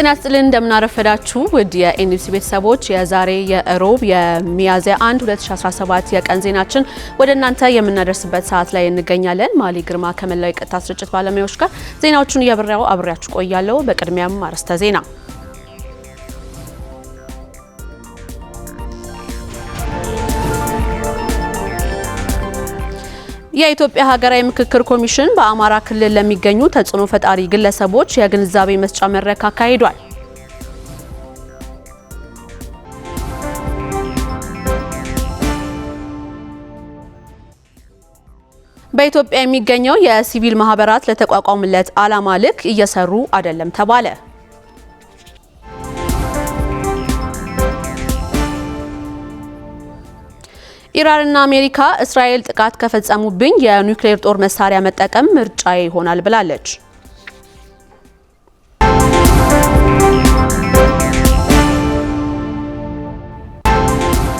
ጤና ይስጥልን እንደምናረፈዳችሁ ውድ የኤንቢሲ ቤተሰቦች የዛሬ የእሮብ የሚያዝያ 1 2017 የቀን ዜናችን ወደ እናንተ የምናደርስበት ሰዓት ላይ እንገኛለን። ማሊ ግርማ ከመላው የቀጥታ ስርጭት ባለሙያዎች ጋር ዜናዎቹን እያብራራው አብሬያችሁ ቆያለሁ። በቅድሚያም አርዕስተ ዜና የኢትዮጵያ ሀገራዊ ምክክር ኮሚሽን በአማራ ክልል ለሚገኙ ተጽዕኖ ፈጣሪ ግለሰቦች የግንዛቤ መስጫ መድረክ አካሂዷል። በኢትዮጵያ የሚገኘው የሲቪል ማህበራት ለተቋቋሙለት ዓላማ ልክ እየሰሩ አይደለም ተባለ። ኢራንና አሜሪካ እስራኤል ጥቃት ከፈጸሙብኝ የኒውክሌር ጦር መሳሪያ መጠቀም ምርጫዬ ይሆናል ብላለች።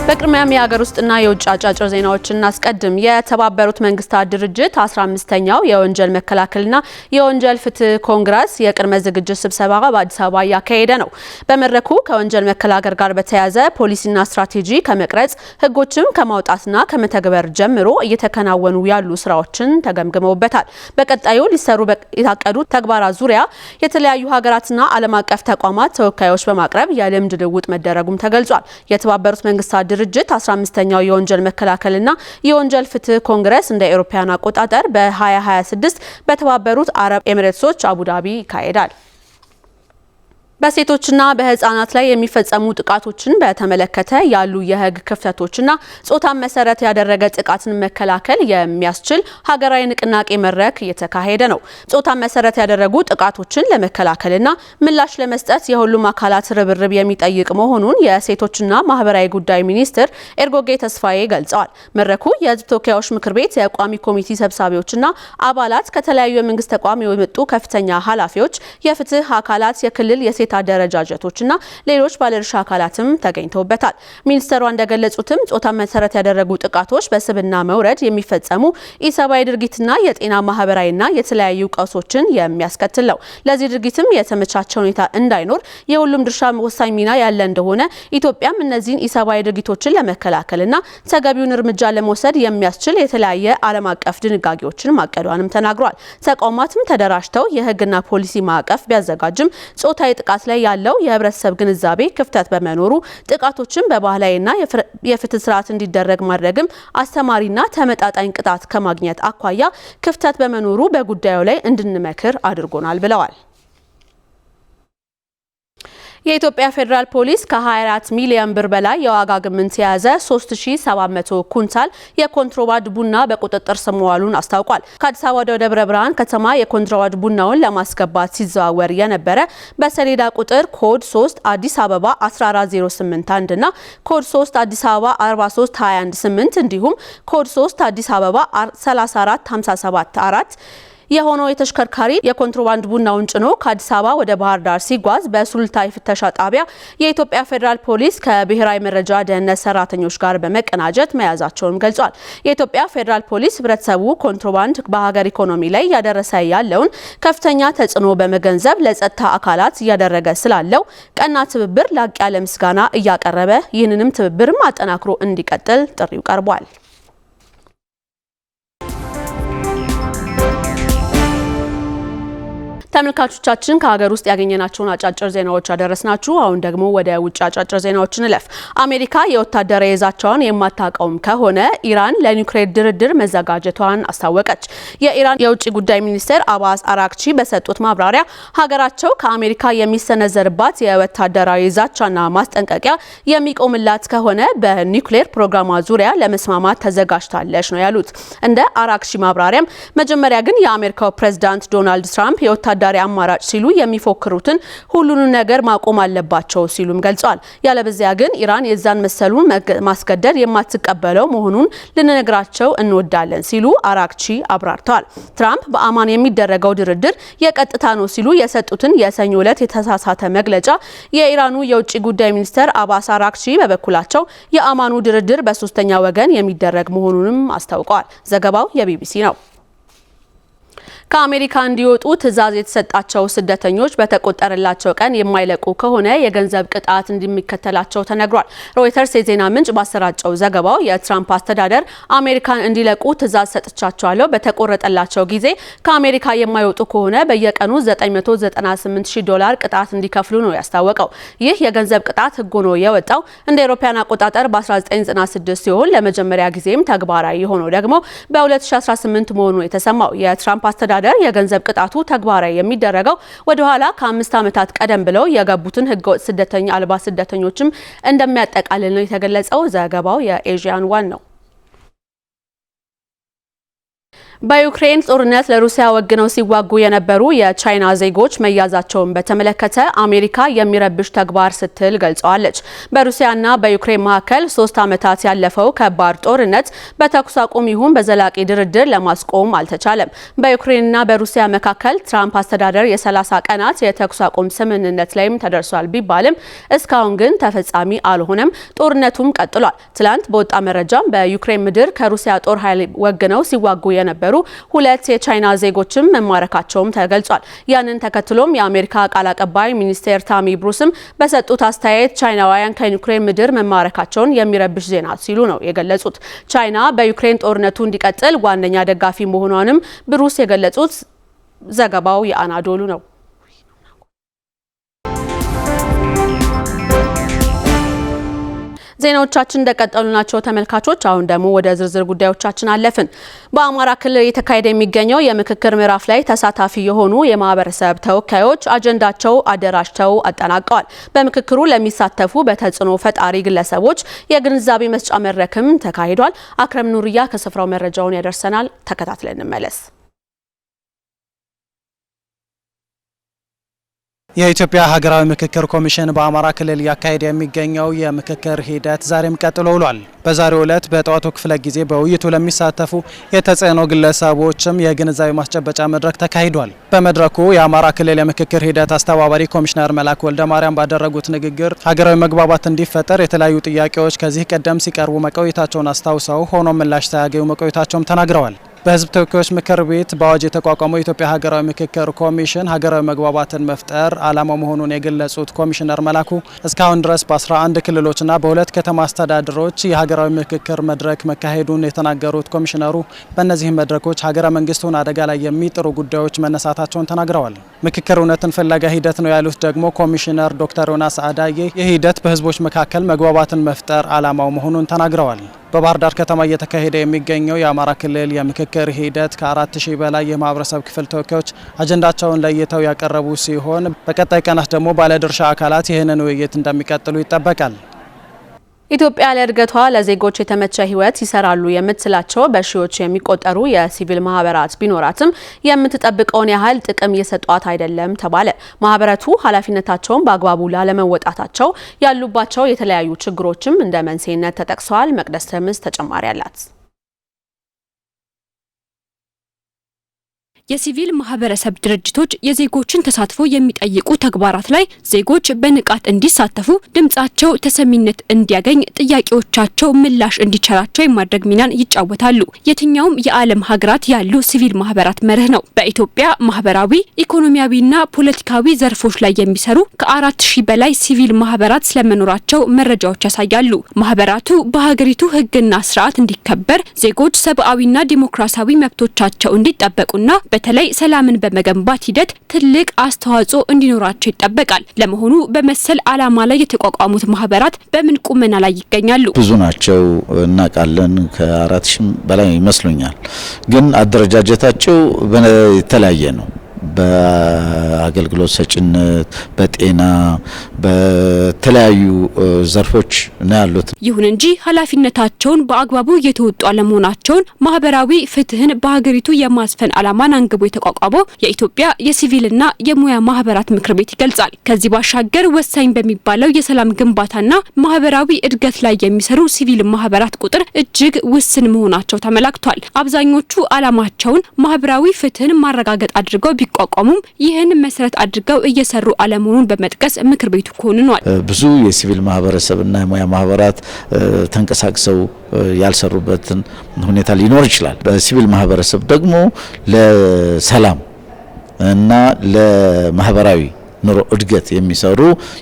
በቅድሚያም የሀገር ውስጥና የውጭ አጫጭር ዜናዎችን እናስቀድም። የተባበሩት መንግስታት ድርጅት 15ኛው የወንጀል መከላከልና የወንጀል ፍትህ ኮንግረስ የቅድመ ዝግጅት ስብሰባ በአዲስ አበባ እያካሄደ ነው። በመድረኩ ከወንጀል መከላከል ጋር በተያያዘ ፖሊሲና ስትራቴጂ ከመቅረጽ ህጎችም ከማውጣትና ከመተግበር ጀምሮ እየተከናወኑ ያሉ ስራዎችን ተገምግመውበታል። በቀጣዩ ሊሰሩ የታቀዱ ተግባራት ዙሪያ የተለያዩ ሀገራትና ዓለም አቀፍ ተቋማት ተወካዮች በማቅረብ የልምድ ልውውጥ መደረጉም ተገልጿል። የተባበሩት መንግስታት ድርጅት 15ኛው የወንጀል መከላከልና የወንጀል ፍትህ ኮንግረስ እንደ ኤሮፓያን አቆጣጠር በ2026 በተባበሩት አረብ ኤምሬትሶች አቡዳቢ ይካሄዳል። በሴቶችና በህፃናት ላይ የሚፈጸሙ ጥቃቶችን በተመለከተ ያሉ የህግ ክፍተቶችና ጾታን መሰረት ያደረገ ጥቃትን መከላከል የሚያስችል ሀገራዊ ንቅናቄ መድረክ እየተካሄደ ነው። ጾታን መሰረት ያደረጉ ጥቃቶችን ለመከላከልና ምላሽ ለመስጠት የሁሉም አካላት ርብርብ የሚጠይቅ መሆኑን የሴቶችና ማህበራዊ ጉዳይ ሚኒስትር ኤርጎጌ ተስፋዬ ገልጸዋል። መድረኩ የህዝብ ተወካዮች ምክር ቤት የቋሚ ኮሚቴ ሰብሳቢዎችና አባላት ከተለያዩ የመንግስት ተቋም የመጡ ከፍተኛ ኃላፊዎች፣ የፍትህ አካላት፣ የክልል የሴ የስኬት አደረጃጀቶች እና ሌሎች ባለድርሻ አካላትም ተገኝተውበታል። ሚኒስተሯ እንደገለጹትም ጾታ መሰረት ያደረጉ ጥቃቶች በስብና መውረድ የሚፈጸሙ ኢሰብአዊ ድርጊትና የጤና ማህበራዊና የተለያዩ ቀውሶችን የሚያስከትል ነው። ለዚህ ድርጊትም የተመቻቸ ሁኔታ እንዳይኖር የሁሉም ድርሻ ወሳኝ ሚና ያለ እንደሆነ ኢትዮጵያም እነዚህን ኢሰብአዊ ድርጊቶችን ለመከላከልና ተገቢውን እርምጃ ለመውሰድ የሚያስችል የተለያየ ዓለም አቀፍ ድንጋጌዎችን ማቀዷንም ተናግሯል። ተቋማትም ተደራጅተው የህግና ፖሊሲ ማዕቀፍ ቢያዘጋጅም ጾታዊ ጥቃት ስርዓት ላይ ያለው የህብረተሰብ ግንዛቤ ክፍተት በመኖሩ ጥቃቶችን በባህላዊና የፍትህ ስርዓት እንዲደረግ ማድረግም አስተማሪና ተመጣጣኝ ቅጣት ከማግኘት አኳያ ክፍተት በመኖሩ በጉዳዩ ላይ እንድንመክር አድርጎናል ብለዋል። የኢትዮጵያ ፌዴራል ፖሊስ ከ24 ሚሊዮን ብር በላይ የዋጋ ግምት የያዘ 3700 ኩንታል የኮንትሮባንድ ቡና በቁጥጥር ስር መዋሉን አስታውቋል። ከአዲስ አበባ ወደ ደብረ ብርሃን ከተማ የኮንትሮባንድ ቡናውን ለማስገባት ሲዘዋወር የነበረ በሰሌዳ ቁጥር ኮድ 3 አዲስ አበባ 14081 እና ኮድ 3 አዲስ አበባ 43218 እንዲሁም ኮድ 3 አዲስ አበባ 34574 የሆነው የተሽከርካሪ የኮንትሮባንድ ቡናውን ጭኖ ከአዲስ አበባ ወደ ባህር ዳር ሲጓዝ በሱሉልታ የፍተሻ ጣቢያ የኢትዮጵያ ፌዴራል ፖሊስ ከብሔራዊ መረጃ ደህንነት ሰራተኞች ጋር በመቀናጀት መያዛቸውን ገልጿል። የኢትዮጵያ ፌዴራል ፖሊስ ህብረተሰቡ ኮንትሮባንድ በሀገር ኢኮኖሚ ላይ እያደረሰ ያለውን ከፍተኛ ተጽዕኖ በመገንዘብ ለጸጥታ አካላት እያደረገ ስላለው ቀና ትብብር ላቅ ያለ ምስጋና እያቀረበ ይህንንም ትብብር አጠናክሮ እንዲቀጥል ጥሪው ቀርቧል። ተመልካቾቻችን ከሀገር ውስጥ ያገኘናቸውን አጫጭር ዜናዎች አደረስናችሁ። አሁን ደግሞ ወደ ውጭ አጫጭር ዜናዎች እንለፍ። አሜሪካ የወታደራዊ ይዛቸውን የማታቀውም ከሆነ ኢራን ለኒውክሌር ድርድር መዘጋጀቷን አስታወቀች። የኢራን የውጭ ጉዳይ ሚኒስትር አባስ አራክቺ በሰጡት ማብራሪያ ሀገራቸው ከአሜሪካ የሚሰነዘርባት የወታደራዊ ዛቻና ማስጠንቀቂያ የሚቆምላት ከሆነ በኒውክሌር ፕሮግራሟ ዙሪያ ለመስማማት ተዘጋጅታለች ነው ያሉት። እንደ አራክሺ ማብራሪያም መጀመሪያ ግን የአሜሪካው ፕሬዝዳንት ዶናልድ ትራምፕ የወታደ ተወዳዳሪ አማራጭ ሲሉ የሚፎክሩትን ሁሉንም ነገር ማቆም አለባቸው ሲሉም ገልጿል። ያለበዚያ ግን ኢራን የዛን መሰሉን ማስገደድ የማትቀበለው መሆኑን ልንነግራቸው እንወዳለን ሲሉ አራክቺ አብራርተዋል። ትራምፕ በአማን የሚደረገው ድርድር የቀጥታ ነው ሲሉ የሰጡትን የሰኞ ዕለት የተሳሳተ መግለጫ የኢራኑ የውጭ ጉዳይ ሚኒስትር አባስ አራክቺ በበኩላቸው የአማኑ ድርድር በሶስተኛ ወገን የሚደረግ መሆኑንም አስታውቀዋል። ዘገባው የቢቢሲ ነው። ከአሜሪካ እንዲወጡ ትዕዛዝ የተሰጣቸው ስደተኞች በተቆጠረላቸው ቀን የማይለቁ ከሆነ የገንዘብ ቅጣት እንደሚከተላቸው ተነግሯል። ሮይተርስ የዜና ምንጭ ባሰራጨው ዘገባው የትራምፕ አስተዳደር አሜሪካን እንዲለቁ ትዕዛዝ ሰጥቻቸዋለሁ፣ በተቆረጠላቸው ጊዜ ከአሜሪካ የማይወጡ ከሆነ በየቀኑ 998 ዶላር ቅጣት እንዲከፍሉ ነው ያስታወቀው። ይህ የገንዘብ ቅጣት ህግ ሆኖ የወጣው እንደ አውሮፓውያን አቆጣጠር በ1996 ሲሆን ለመጀመሪያ ጊዜም ተግባራዊ የሆነው ደግሞ በ2018 መሆኑ የተሰማው የትራምፕ አስተዳደር አስተዳደር የገንዘብ ቅጣቱ ተግባራዊ የሚደረገው ወደኋላ ከአምስት ዓመታት ቀደም ብለው የገቡትን ህገወጥ ስደተኛ አልባ ስደተኞችም እንደሚያጠቃልል ነው የተገለጸው። ዘገባው የኤዥያን ዋን ነው። በዩክሬን ጦርነት ለሩሲያ ወግነው ሲዋጉ የነበሩ የቻይና ዜጎች መያዛቸውን በተመለከተ አሜሪካ የሚረብሽ ተግባር ስትል ገልጸዋለች። በሩሲያና በዩክሬን መካከል ሶስት ዓመታት ያለፈው ከባድ ጦርነት በተኩስ አቁም ይሁን በዘላቂ ድርድር ለማስቆም አልተቻለም። በዩክሬንና በሩሲያ መካከል ትራምፕ አስተዳደር የ30 ቀናት የተኩስ አቁም ስምምነት ላይም ተደርሷል ቢባልም እስካሁን ግን ተፈጻሚ አልሆነም። ጦርነቱም ቀጥሏል። ትላንት በወጣ መረጃም በዩክሬን ምድር ከሩሲያ ጦር ኃይል ወግነው ሲዋጉ የነበሩ የነበሩ ሁለት የቻይና ዜጎችም መማረካቸውም ተገልጿል። ያንን ተከትሎም የአሜሪካ ቃል አቀባይ ሚኒስቴር ታሚ ብሩስም በሰጡት አስተያየት ቻይናውያን ከዩክሬን ምድር መማረካቸውን የሚረብሽ ዜና ሲሉ ነው የገለጹት። ቻይና በዩክሬን ጦርነቱ እንዲቀጥል ዋነኛ ደጋፊ መሆኗንም ብሩስ የገለጹት ዘገባው የአናዶሉ ነው። ዜናዎቻችን እንደቀጠሉ ናቸው ተመልካቾች። አሁን ደግሞ ወደ ዝርዝር ጉዳዮቻችን አለፍን። በአማራ ክልል እየተካሄደ የሚገኘው የምክክር ምዕራፍ ላይ ተሳታፊ የሆኑ የማህበረሰብ ተወካዮች አጀንዳቸው አደራጅተው አጠናቀዋል። በምክክሩ ለሚሳተፉ በተጽዕኖ ፈጣሪ ግለሰቦች የግንዛቤ መስጫ መድረክም ተካሂዷል። አክረም ኑርያ ከስፍራው መረጃውን ያደርሰናል። ተከታትለን እንመለስ። የኢትዮጵያ ሀገራዊ ምክክር ኮሚሽን በአማራ ክልል እያካሄደ የሚገኘው የምክክር ሂደት ዛሬም ቀጥሎ ውሏል። በዛሬው ዕለት በጠዋቱ ክፍለ ጊዜ በውይይቱ ለሚሳተፉ የተጽዕኖ ግለሰቦችም የግንዛቤ ማስጨበጫ መድረክ ተካሂዷል። በመድረኩ የአማራ ክልል የምክክር ሂደት አስተባባሪ ኮሚሽነር መላክ ወልደ ማርያም ባደረጉት ንግግር ሀገራዊ መግባባት እንዲፈጠር የተለያዩ ጥያቄዎች ከዚህ ቀደም ሲቀርቡ መቆየታቸውን አስታውሰው ሆኖም ምላሽ ሳያገኙ መቆየታቸውም ተናግረዋል። በህዝብ ተወካዮች ምክር ቤት በአዋጅ የተቋቋመው የኢትዮጵያ ሀገራዊ ምክክር ኮሚሽን ሀገራዊ መግባባትን መፍጠር ዓላማው መሆኑን የገለጹት ኮሚሽነር መላኩ እስካሁን ድረስ በ11 ክልሎችና በሁለት ከተማ አስተዳደሮች የሀገራዊ ምክክር መድረክ መካሄዱን የተናገሩት ኮሚሽነሩ በእነዚህ መድረኮች ሀገረ መንግስቱን አደጋ ላይ የሚጥሩ ጉዳዮች መነሳታቸውን ተናግረዋል። ምክክር እውነትን ፍለጋ ሂደት ነው ያሉት ደግሞ ኮሚሽነር ዶክተር ዮናስ አዳዬ ይህ ሂደት በህዝቦች መካከል መግባባትን መፍጠር ዓላማው መሆኑን ተናግረዋል። በባህር ዳር ከተማ እየተካሄደ የሚገኘው የአማራ ክልል የምክክር ሂደት ከአራት ሺህ በላይ የማህበረሰብ ክፍል ተወካዮች አጀንዳቸውን ለይተው ያቀረቡ ሲሆን በቀጣይ ቀናት ደግሞ ባለድርሻ አካላት ይህንን ውይይት እንደሚቀጥሉ ይጠበቃል። ኢትዮጵያ ለእድገቷ ለዜጎች የተመቸ ህይወት ይሰራሉ የምትላቸው በሺዎች የሚቆጠሩ የሲቪል ማህበራት ቢኖራትም የምትጠብቀውን ያህል ጥቅም እየሰጧት አይደለም ተባለ። ማህበረቱ ኃላፊነታቸውን በአግባቡ ላለመወጣታቸው ያሉባቸው የተለያዩ ችግሮችም እንደ መንስኤነት ተጠቅሰዋል። መቅደስ ተምስ ተጨማሪ አላት። የሲቪል ማህበረሰብ ድርጅቶች የዜጎችን ተሳትፎ የሚጠይቁ ተግባራት ላይ ዜጎች በንቃት እንዲሳተፉ፣ ድምጻቸው ተሰሚነት እንዲያገኝ፣ ጥያቄዎቻቸው ምላሽ እንዲቸራቸው የማድረግ ሚናን ይጫወታሉ። የትኛውም የዓለም ሀገራት ያሉ ሲቪል ማህበራት መርህ ነው። በኢትዮጵያ ማህበራዊ ኢኮኖሚያዊና ፖለቲካዊ ዘርፎች ላይ የሚሰሩ ከአራት ሺህ በላይ ሲቪል ማህበራት ስለመኖራቸው መረጃዎች ያሳያሉ። ማህበራቱ በሀገሪቱ ህግና ስርዓት እንዲከበር ዜጎች ሰብአዊና ዲሞክራሲያዊ መብቶቻቸው እንዲጠበቁና በተለይ ሰላምን በመገንባት ሂደት ትልቅ አስተዋጽኦ እንዲኖራቸው ይጠበቃል። ለመሆኑ በመሰል ዓላማ ላይ የተቋቋሙት ማህበራት በምን ቁመና ላይ ይገኛሉ? ብዙ ናቸው እናውቃለን። ከአራት ሺህ በላይ ይመስሉኛል። ግን አደረጃጀታቸው የተለያየ ነው። በአገልግሎት ሰጭነት፣ በጤና፣ በተለያዩ ዘርፎች ነው ያሉት። ይሁን እንጂ ኃላፊነታቸውን በአግባቡ እየተወጡ አለመሆናቸውን ማህበራዊ ፍትህን በሀገሪቱ የማስፈን ዓላማን አንግቦ የተቋቋመው የኢትዮጵያ የሲቪልና የሙያ ማህበራት ምክር ቤት ይገልጻል። ከዚህ ባሻገር ወሳኝ በሚባለው የሰላም ግንባታና ማህበራዊ እድገት ላይ የሚሰሩ ሲቪል ማህበራት ቁጥር እጅግ ውስን መሆናቸው ተመላክቷል። አብዛኞቹ ዓላማቸውን ማህበራዊ ፍትህን ማረጋገጥ አድርገው ቢቋቋሙም ይህን መሰረት አድርገው እየሰሩ አለመሆኑን በመጥቀስ ምክር ቤቱ ኮንኗል። ብዙ የሲቪል ማህበረሰብና የሙያ ማህበራት ተንቀሳቅሰው ያልሰሩበትን ሁኔታ ሊኖር ይችላል። በሲቪል ማህበረሰብ ደግሞ ለሰላም እና ለማህበራዊ ኑሮ እድገት የሚሰሩ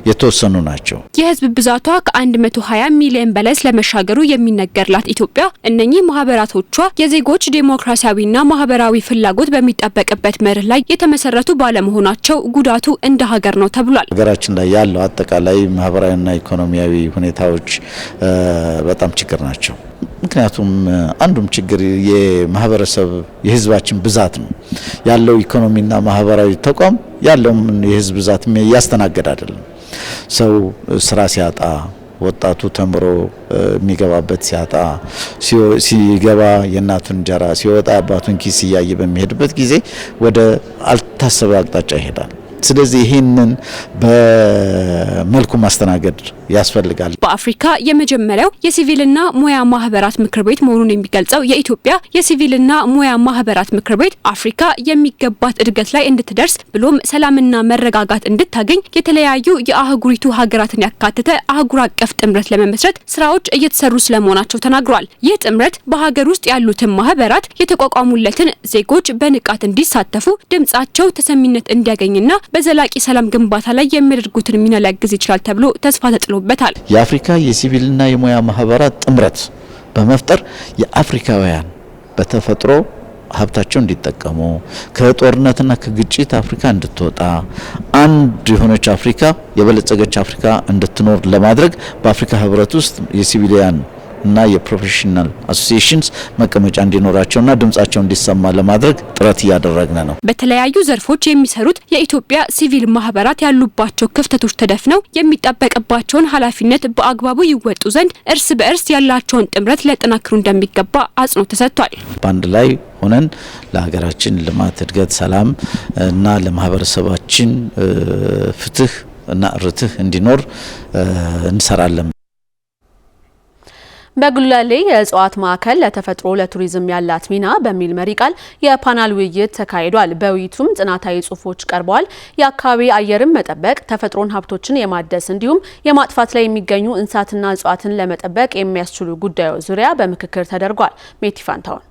የተወሰኑ ናቸው። የህዝብ ብዛቷ ከ120 ሚሊዮን በላይ ስለመሻገሩ የሚነገርላት ኢትዮጵያ እነኚህ ማህበራቶቿ የዜጎች ዴሞክራሲያዊና ማህበራዊ ፍላጎት በሚጠበቅበት መርህ ላይ የተመሰረቱ ባለመሆናቸው ጉዳቱ እንደ ሀገር ነው ተብሏል። ሀገራችን ላይ ያለው አጠቃላይ ማህበራዊና ኢኮኖሚያዊ ሁኔታዎች በጣም ችግር ናቸው። ምክንያቱም አንዱም ችግር የማህበረሰብ የህዝባችን ብዛት ነው ያለው ኢኮኖሚና ማህበራዊ ተቋም ያለውም የህዝብ ብዛት እያስተናገድ አይደለም። ሰው ስራ ሲያጣ ወጣቱ ተምሮ የሚገባበት ሲያጣ ሲገባ የእናቱን እንጀራ ሲወጣ አባቱን ኪስ እያየ በሚሄድበት ጊዜ ወደ አልታሰበ አቅጣጫ ይሄዳል። ስለዚህ ይህንን በመልኩ ማስተናገድ ያስፈልጋል። በአፍሪካ የመጀመሪያው የሲቪልና ሙያ ማህበራት ምክር ቤት መሆኑን የሚገልጸው የኢትዮጵያ የሲቪልና ሙያ ማህበራት ምክር ቤት አፍሪካ የሚገባት እድገት ላይ እንድትደርስ ብሎም ሰላምና መረጋጋት እንድታገኝ የተለያዩ የአህጉሪቱ ሀገራትን ያካተተ አህጉር አቀፍ ጥምረት ለመመስረት ስራዎች እየተሰሩ ስለመሆናቸው ተናግሯል። ይህ ጥምረት በሀገር ውስጥ ያሉትን ማህበራት የተቋቋሙለትን ዜጎች በንቃት እንዲሳተፉ ድምጻቸው ተሰሚነት እንዲያገኝና በዘላቂ ሰላም ግንባታ ላይ የሚያደርጉትን ሚና ሊያግዝ ይችላል ተብሎ ተስፋ ተጥሏል። ተከትሎበታል። የአፍሪካ የሲቪልና የሙያ ማህበራት ጥምረት በመፍጠር የአፍሪካውያን በተፈጥሮ ሀብታቸው እንዲጠቀሙ ከጦርነትና ከግጭት አፍሪካ እንድትወጣ አንድ የሆነች አፍሪካ የበለጸገች አፍሪካ እንድትኖር ለማድረግ በአፍሪካ ህብረት ውስጥ የሲቪሊያን እና የፕሮፌሽናል አሶሲሽንስ መቀመጫ እንዲኖራቸውና ድምጻቸው እንዲሰማ ለማድረግ ጥረት እያደረግን ነው። በተለያዩ ዘርፎች የሚሰሩት የኢትዮጵያ ሲቪል ማህበራት ያሉባቸው ክፍተቶች ተደፍነው የሚጠበቅባቸውን ኃላፊነት በአግባቡ ይወጡ ዘንድ እርስ በእርስ ያላቸውን ጥምረት ሊያጠናክሩ እንደሚገባ አጽንኦት ተሰጥቷል። በአንድ ላይ ሆነን ለሀገራችን ልማት፣ እድገት፣ ሰላም እና ለማህበረሰባችን ፍትህ እና ርትህ እንዲኖር እንሰራለን። በግሉላሌ የእጽዋት ማዕከል ለተፈጥሮ ለቱሪዝም ያላት ሚና በሚል መሪ ቃል የፓናል ውይይት ተካሂዷል። በውይይቱም ጥናታዊ ጽሁፎች ቀርበዋል። የአካባቢ አየርን መጠበቅ፣ ተፈጥሮን ሀብቶችን የማደስ እንዲሁም የማጥፋት ላይ የሚገኙ እንስሳትና እጽዋትን ለመጠበቅ የሚያስችሉ ጉዳዮች ዙሪያ በምክክር ተደርጓል። ሜቲ ፋንታውን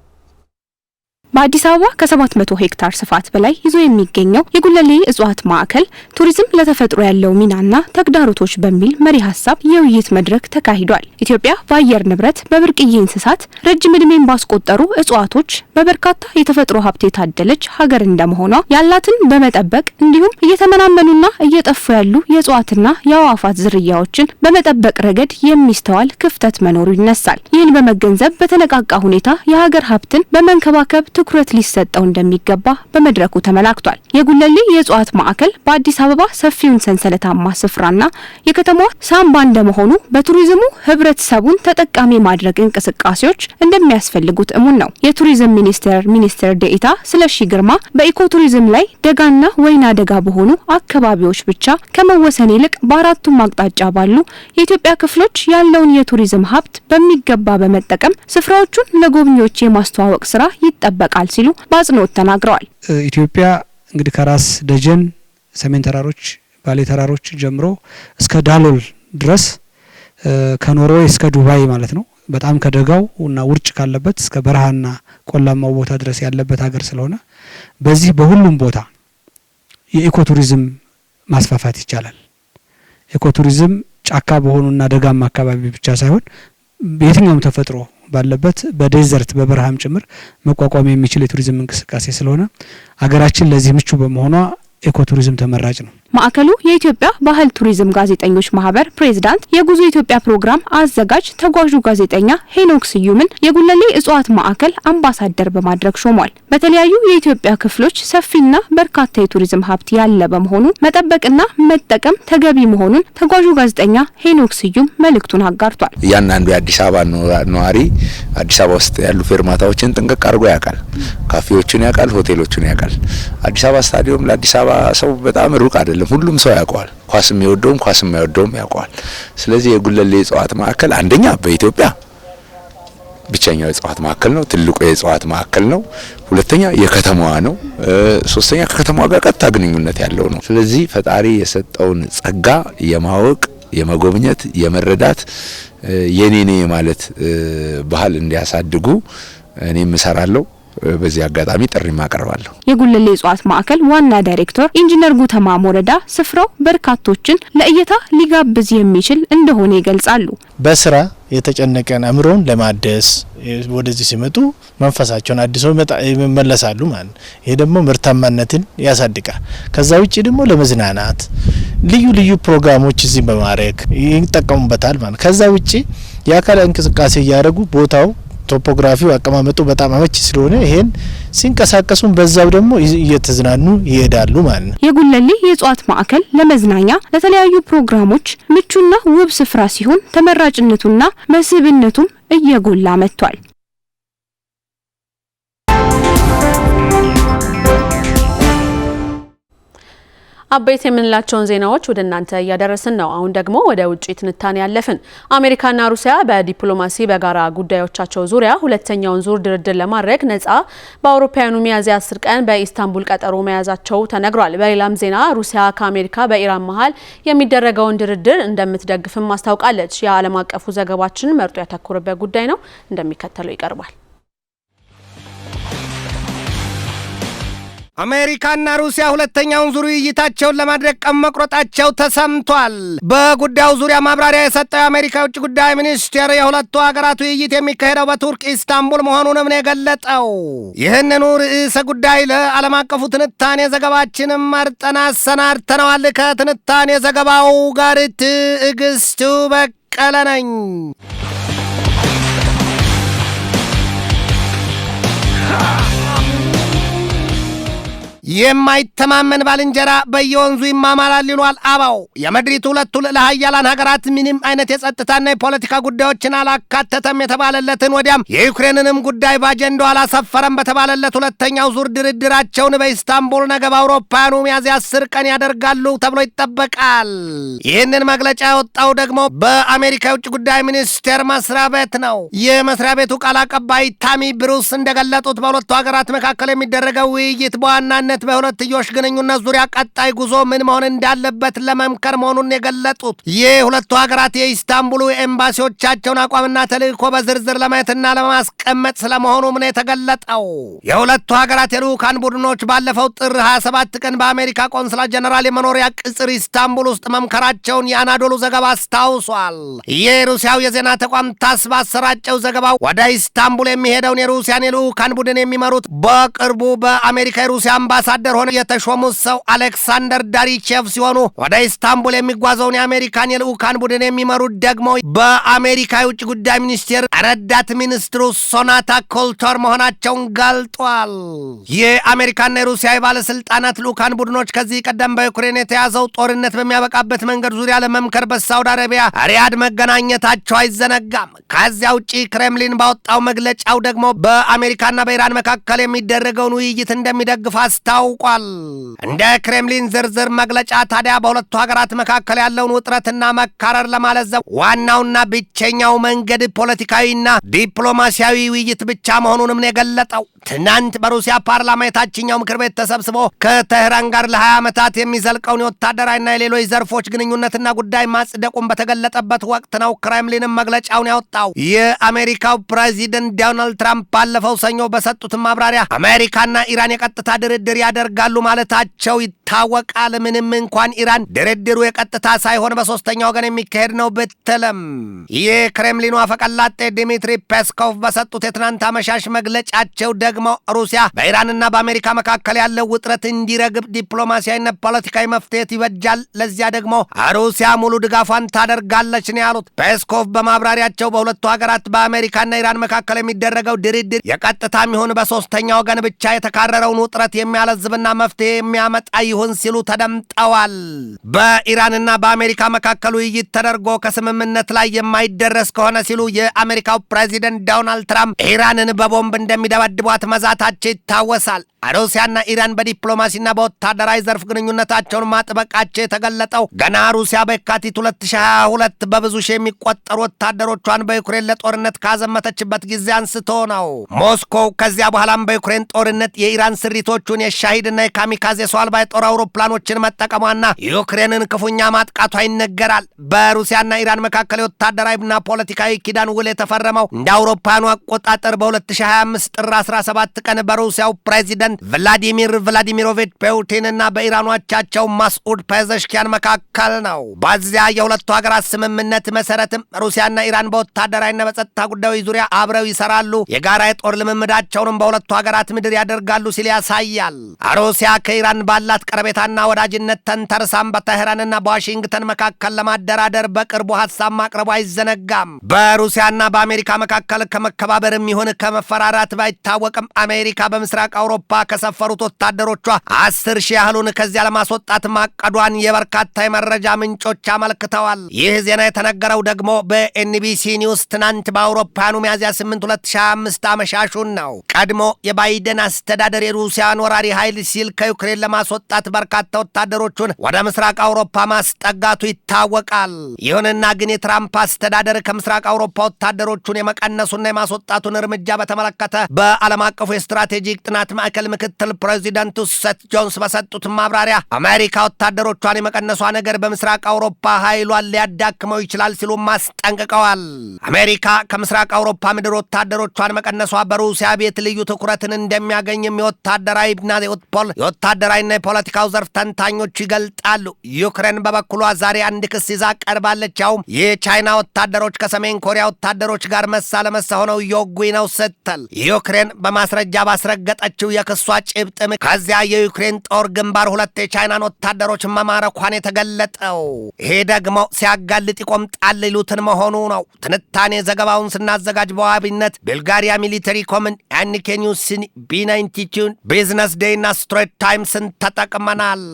በአዲስ አበባ ከ700 ሄክታር ስፋት በላይ ይዞ የሚገኘው የጉለሌ እጽዋት ማዕከል ቱሪዝም ለተፈጥሮ ያለው ሚናና ተግዳሮቶች በሚል መሪ ሀሳብ የውይይት መድረክ ተካሂዷል። ኢትዮጵያ በአየር ንብረት፣ በብርቅዬ እንስሳት፣ ረጅም እድሜን ባስቆጠሩ እጽዋቶች በበርካታ የተፈጥሮ ሀብት የታደለች ሀገር እንደመሆኗ ያላትን በመጠበቅ እንዲሁም እየተመናመኑና እየጠፉ ያሉ የእጽዋትና የአዕዋፋት ዝርያዎችን በመጠበቅ ረገድ የሚስተዋል ክፍተት መኖሩ ይነሳል። ይህን በመገንዘብ በተነቃቃ ሁኔታ የሀገር ሀብትን በመንከባከብ ትኩረት ሊሰጠው እንደሚገባ በመድረኩ ተመላክቷል። የጉለሌ የእጽዋት ማዕከል በአዲስ አበባ ሰፊውን ሰንሰለታማ ስፍራና የከተማዋ ሳምባ እንደመሆኑ በቱሪዝሙ ህብረተሰቡን ተጠቃሚ ማድረግ እንቅስቃሴዎች እንደሚያስፈልጉት እሙን ነው። የቱሪዝም ሚኒስቴር ሚኒስትር ዴኤታ ስለሺ ግርማ በኢኮቱሪዝም ላይ ደጋና ወይና ደጋ በሆኑ አካባቢዎች ብቻ ከመወሰን ይልቅ በአራቱም አቅጣጫ ባሉ የኢትዮጵያ ክፍሎች ያለውን የቱሪዝም ሀብት በሚገባ በመጠቀም ስፍራዎቹን ለጎብኚዎች የማስተዋወቅ ስራ ይጠበቃል ይጠበቃል ሲሉ በአጽንኦት ተናግረዋል። ኢትዮጵያ እንግዲህ ከራስ ደጀን፣ ሰሜን ተራሮች፣ ባሌ ተራሮች ጀምሮ እስከ ዳሎል ድረስ ከኖርዌይ እስከ ዱባይ ማለት ነው በጣም ከደጋው እና ውርጭ ካለበት እስከ በረሃና ቆላማው ቦታ ድረስ ያለበት ሀገር ስለሆነ በዚህ በሁሉም ቦታ የኢኮቱሪዝም ማስፋፋት ይቻላል። ኢኮቱሪዝም ጫካ በሆኑና ደጋማ አካባቢ ብቻ ሳይሆን የትኛውም ተፈጥሮ ባለበት በዴዘርት በበረሃም ጭምር መቋቋም የሚችል የቱሪዝም እንቅስቃሴ ስለሆነ አገራችን ለዚህ ምቹ በመሆኗ ኢኮቱሪዝም ተመራጭ ነው። ማዕከሉ የኢትዮጵያ ባህል ቱሪዝም ጋዜጠኞች ማህበር ፕሬዝዳንት፣ የጉዞ ኢትዮጵያ ፕሮግራም አዘጋጅ ተጓዡ ጋዜጠኛ ሄኖክ ስዩምን የጉለሌ እጽዋት ማዕከል አምባሳደር በማድረግ ሾሟል። በተለያዩ የኢትዮጵያ ክፍሎች ሰፊና በርካታ የቱሪዝም ሀብት ያለ በመሆኑ መጠበቅና መጠቀም ተገቢ መሆኑን ተጓዡ ጋዜጠኛ ሄኖክ ስዩም መልእክቱን አጋርቷል። እያንዳንዱ የአዲስ አበባ ነዋሪ አዲስ አበባ ውስጥ ያሉ ፌርማታዎችን ጥንቅቅ አድርጎ ያውቃል። ካፌዎቹን ያውቃል፣ ሆቴሎቹን ያውቃል። አዲስ አበባ ስታዲየም ለአዲስ አበባ ሰው በጣም ሩቅ አይደለም። አይደለም። ሁሉም ሰው ያውቀዋል። ኳስ የሚወደውም ኳስ የማይወደውም ያውቀዋል። ስለዚህ የጉለሌ እጽዋት ማዕከል አንደኛ በኢትዮጵያ ብቸኛው የእጽዋት ማዕከል ነው። ትልቁ የእጽዋት ማዕከል ነው። ሁለተኛ የከተማዋ ነው። ሶስተኛ ከከተማዋ ጋር ቀጥታ ግንኙነት ያለው ነው። ስለዚህ ፈጣሪ የሰጠውን ጸጋ የማወቅ የመጎብኘት፣ የመረዳት የኔኔ ማለት ባህል እንዲያሳድጉ እኔም እሰራለሁ። በዚህ አጋጣሚ ጥሪ ማቀርባለሁ። የጉልሌ እጽዋት ማዕከል ዋና ዳይሬክተር ኢንጂነር ጉተማ ሞረዳ ስፍራው በርካቶችን ለእይታ ሊጋብዝ የሚችል እንደሆነ ይገልጻሉ። በስራ የተጨነቀን አእምሮን ለማደስ ወደዚህ ሲመጡ መንፈሳቸውን አድሰው ይመለሳሉ ማለት ነው። ይሄ ደግሞ ምርታማነትን ያሳድጋል። ከዛ ውጭ ደግሞ ለመዝናናት ልዩ ልዩ ፕሮግራሞች እዚህ በማድረግ ይጠቀሙበታል ማለት ከዛ ውጭ የአካል እንቅስቃሴ እያደረጉ ቦታው ቶፖግራፊው አቀማመጡ በጣም አመቺ ስለሆነ ይሄን ሲንቀሳቀሱም በዛው ደግሞ እየተዝናኑ ይሄዳሉ ማለት ነው። የጉለሌ የእጽዋት ማዕከል ለመዝናኛ ለተለያዩ ፕሮግራሞች ምቹና ውብ ስፍራ ሲሆን ተመራጭነቱና መስህብነቱም እየጎላ መጥቷል። አበይት የምንላቸውን ዜናዎች ወደ እናንተ እያደረስን ነው። አሁን ደግሞ ወደ ውጭ ትንታኔ ያለፍን። አሜሪካና ሩሲያ በዲፕሎማሲ በጋራ ጉዳዮቻቸው ዙሪያ ሁለተኛውን ዙር ድርድር ለማድረግ ነጻ በአውሮፓውያኑ ሚያዝያ አስር ቀን በኢስታንቡል ቀጠሮ መያዛቸው ተነግሯል። በሌላም ዜና ሩሲያ ከአሜሪካ በኢራን መሀል የሚደረገውን ድርድር እንደምትደግፍም አስታውቃለች። የዓለም አቀፉ ዘገባችን መርጦ ያተኮረበት ጉዳይ ነው፣ እንደሚከተለው ይቀርባል። አሜሪካና ሩሲያ ሁለተኛውን ዙር ውይይታቸውን ለማድረግ ቀን መቁረጣቸው ተሰምቷል። በጉዳዩ ዙሪያ ማብራሪያ የሰጠው የአሜሪካ የውጭ ጉዳይ ሚኒስቴር የሁለቱ ሀገራት ውይይት የሚካሄደው በቱርክ ኢስታንቡል መሆኑንም ነው የገለጠው። ይህንኑ ርዕሰ ጉዳይ ለዓለም አቀፉ ትንታኔ ዘገባችንም መርጠን አሰናድተነዋል። ከትንታኔ ዘገባው ጋር ትዕግስቱ በቀለ ነኝ። የማይተማመን ባልንጀራ በየወንዙ ይማማላል ይሏል አባው። የምድሪቱ ሁለቱ ልዕለ ሀያላን ሀገራት ምንም አይነት የጸጥታና የፖለቲካ ጉዳዮችን አላካተተም የተባለለትን ወዲያም የዩክሬንንም ጉዳይ በአጀንዳው አላሰፈረም በተባለለት ሁለተኛው ዙር ድርድራቸውን በኢስታንቡል ነገ በአውሮፓውያኑ ሚያዝያ አስር ቀን ያደርጋሉ ተብሎ ይጠበቃል። ይህንን መግለጫ ያወጣው ደግሞ በአሜሪካ የውጭ ጉዳይ ሚኒስቴር መስሪያ ቤት ነው። የመስሪያ ቤቱ ቃል አቀባይ ታሚ ብሩስ እንደገለጡት በሁለቱ ሀገራት መካከል የሚደረገው ውይይት በዋናነት በዋናነት በሁለትዮሽ ግንኙነት ዙሪያ ቀጣይ ጉዞ ምን መሆን እንዳለበት ለመምከር መሆኑን የገለጡት ይህ ሁለቱ ሀገራት የኢስታንቡሉ ኤምባሲዎቻቸውን አቋምና ተልእኮ በዝርዝር ለማየትና ለማስቀመጥ ስለመሆኑ ምን የተገለጠው። የሁለቱ ሀገራት የልዑካን ቡድኖች ባለፈው ጥር 27 ቀን በአሜሪካ ቆንስላ ጀነራል የመኖሪያ ቅጽር ኢስታንቡል ውስጥ መምከራቸውን የአናዶሉ ዘገባ አስታውሷል። ይህ ሩሲያው የዜና ተቋም ታስ ባሰራጨው ዘገባ ወደ ኢስታንቡል የሚሄደውን የሩሲያን የልዑካን ቡድን የሚመሩት በቅርቡ በአሜሪካ የሩሲያ አምባ አምባሳደር ሆነው የተሾሙት ሰው አሌክሳንደር ዳሪቼቭ ሲሆኑ ወደ ኢስታንቡል የሚጓዘውን የአሜሪካን የልዑካን ቡድን የሚመሩት ደግሞ በአሜሪካ የውጭ ጉዳይ ሚኒስቴር ረዳት ሚኒስትሩ ሶናታ ኮልቶር መሆናቸውን ገልጧል። የአሜሪካና የሩሲያ የባለስልጣናት ልዑካን ቡድኖች ከዚህ ቀደም በዩክሬን የተያዘው ጦርነት በሚያበቃበት መንገድ ዙሪያ ለመምከር በሳውዲ አረቢያ ሪያድ መገናኘታቸው አይዘነጋም። ከዚያ ውጭ ክሬምሊን ባወጣው መግለጫው ደግሞ በአሜሪካና በኢራን መካከል የሚደረገውን ውይይት እንደሚደግፍ አስታ ታውቋል። እንደ ክሬምሊን ዝርዝር መግለጫ ታዲያ በሁለቱ ሀገራት መካከል ያለውን ውጥረትና መካረር ለማለዘብ ዋናውና ብቸኛው መንገድ ፖለቲካዊና ዲፕሎማሲያዊ ውይይት ብቻ መሆኑንም ነው የገለጠው። ትናንት በሩሲያ ፓርላማ የታችኛው ምክር ቤት ተሰብስቦ ከተህራን ጋር ለ20 ዓመታት የሚዘልቀውን የወታደራዊና የሌሎች ዘርፎች ግንኙነትና ጉዳይ ማጽደቁን በተገለጠበት ወቅት ነው ክሬምሊንም መግለጫውን ያወጣው። የአሜሪካው ፕሬዚደንት ዶናልድ ትራምፕ ባለፈው ሰኞ በሰጡት ማብራሪያ አሜሪካና ኢራን የቀጥታ ድርድር ያደርጋሉ ማለታቸው ይታወቃል። ምንም እንኳን ኢራን ድርድሩ የቀጥታ ሳይሆን በሶስተኛ ወገን የሚካሄድ ነው ብትልም ይህ ክሬምሊኑ አፈቀላጤ ዲሚትሪ ፔስኮቭ በሰጡት የትናንት አመሻሽ መግለጫቸው ደግሞ ሩሲያ በኢራንና በአሜሪካ መካከል ያለው ውጥረት እንዲረግብ ዲፕሎማሲያዊና ፖለቲካዊ መፍትሄት ይበጃል፣ ለዚያ ደግሞ ሩሲያ ሙሉ ድጋፏን ታደርጋለች ነው ያሉት። ፔስኮቭ በማብራሪያቸው በሁለቱ ሀገራት በአሜሪካና ኢራን መካከል የሚደረገው ድርድር የቀጥታ የሚሆን በሶስተኛ ወገን ብቻ የተካረረውን ውጥረት የሚያለ የሚያስታዝብና መፍትሄ የሚያመጣ ይሁን ሲሉ ተደምጠዋል። በኢራንና በአሜሪካ መካከል ውይይት ተደርጎ ከስምምነት ላይ የማይደረስ ከሆነ ሲሉ የአሜሪካው ፕሬዚደንት ዶናልድ ትራምፕ ኢራንን በቦምብ እንደሚደበድቧት መዛታቸው ይታወሳል። ሩሲያና ኢራን በዲፕሎማሲና በወታደራዊ ዘርፍ ግንኙነታቸውን ማጥበቃቸው የተገለጠው ገና ሩሲያ በየካቲት 2022 በብዙ ሺህ የሚቆጠሩ ወታደሮቿን በዩክሬን ለጦርነት ካዘመተችበት ጊዜ አንስቶ ነው። ሞስኮው ከዚያ በኋላም በዩክሬን ጦርነት የኢራን ስሪቶቹን የሻሂድና የካሚካዜ ሰው አልባ የጦር አውሮፕላኖችን መጠቀሟና ዩክሬንን ክፉኛ ማጥቃቷ ይነገራል። በሩሲያና ኢራን መካከል የወታደራዊና ፖለቲካዊ ኪዳን ውል የተፈረመው እንደ አውሮፓኑ አቆጣጠር በ2025 ጥር 17 ቀን በሩሲያው ፕሬዚደንት ዘንድ ቭላዲሚር ቭላዲሚሮቪች ፑቲንና በኢራኖቻቸው ማስኡድ ፐዘሽኪያን መካከል ነው። በዚያ የሁለቱ ሀገራት ስምምነት መሰረትም ሩሲያና ኢራን በወታደራዊና በጸጥታ ጉዳዮች ዙሪያ አብረው ይሰራሉ፣ የጋራ የጦር ልምምዳቸውንም በሁለቱ ሀገራት ምድር ያደርጋሉ ሲል ያሳያል። ሩሲያ ከኢራን ባላት ቀረቤታና ወዳጅነት ተንተርሳም በተህራንና በዋሽንግተን መካከል ለማደራደር በቅርቡ ሀሳብ ማቅረቡ አይዘነጋም። በሩሲያና በአሜሪካ መካከል ከመከባበር የሚሆን ከመፈራራት ባይታወቅም አሜሪካ በምስራቅ አውሮፓ ከሰፈሩት ወታደሮቿ አስር ሺህ ያህሉን ከዚያ ለማስወጣት ማቀዷን የበርካታ የመረጃ ምንጮች አመልክተዋል። ይህ ዜና የተነገረው ደግሞ በኤንቢሲ ኒውስ ትናንት በአውሮፓውያኑ ሚያዝያ 8 2025 አመሻሹን ነው። ቀድሞ የባይደን አስተዳደር የሩሲያን ወራሪ ኃይል ሲል ከዩክሬን ለማስወጣት በርካታ ወታደሮቹን ወደ ምስራቅ አውሮፓ ማስጠጋቱ ይታወቃል። ይሁንና ግን የትራምፕ አስተዳደር ከምስራቅ አውሮፓ ወታደሮቹን የመቀነሱና የማስወጣቱን እርምጃ በተመለከተ በዓለም አቀፉ የስትራቴጂክ ጥናት ማዕከል ምክትል ፕሬዚዳንቱ ሴት ጆንስ በሰጡት ማብራሪያ አሜሪካ ወታደሮቿን የመቀነሷ ነገር በምስራቅ አውሮፓ ኃይሏን ሊያዳክመው ይችላል ሲሉ አስጠንቅቀዋል። አሜሪካ ከምስራቅ አውሮፓ ምድር ወታደሮቿን መቀነሷ በሩሲያ ቤት ልዩ ትኩረትን እንደሚያገኝም የወታደራዊና የወታደራዊና የፖለቲካው ዘርፍ ተንታኞች ይገልጣሉ። ዩክሬን በበኩሏ ዛሬ አንድ ክስ ይዛ ቀርባለች። ያውም የቻይና ወታደሮች ከሰሜን ኮሪያ ወታደሮች ጋር መሳ ለመሳ ሆነው እየወጉኝ ነው ስትል ዩክሬን በማስረጃ ባስረገጠችው የክሱ የእሷ ጭብጥም ከዚያ የዩክሬን ጦር ግንባር ሁለት የቻይናን ወታደሮች መማረኳን የተገለጠው። ይሄ ደግሞ ሲያጋልጥ ይቆምጣል ይሉትን መሆኑ ነው። ትንታኔ ዘገባውን ስናዘጋጅ በዋቢነት ቤልጋሪያ ሚሊተሪ ኮምን፣ ያኒኬ ኒውስን፣ ቢ ናይንቲ ቢዝነስ ዴይ እና ስትሬት ታይምስን ተጠቅመናል።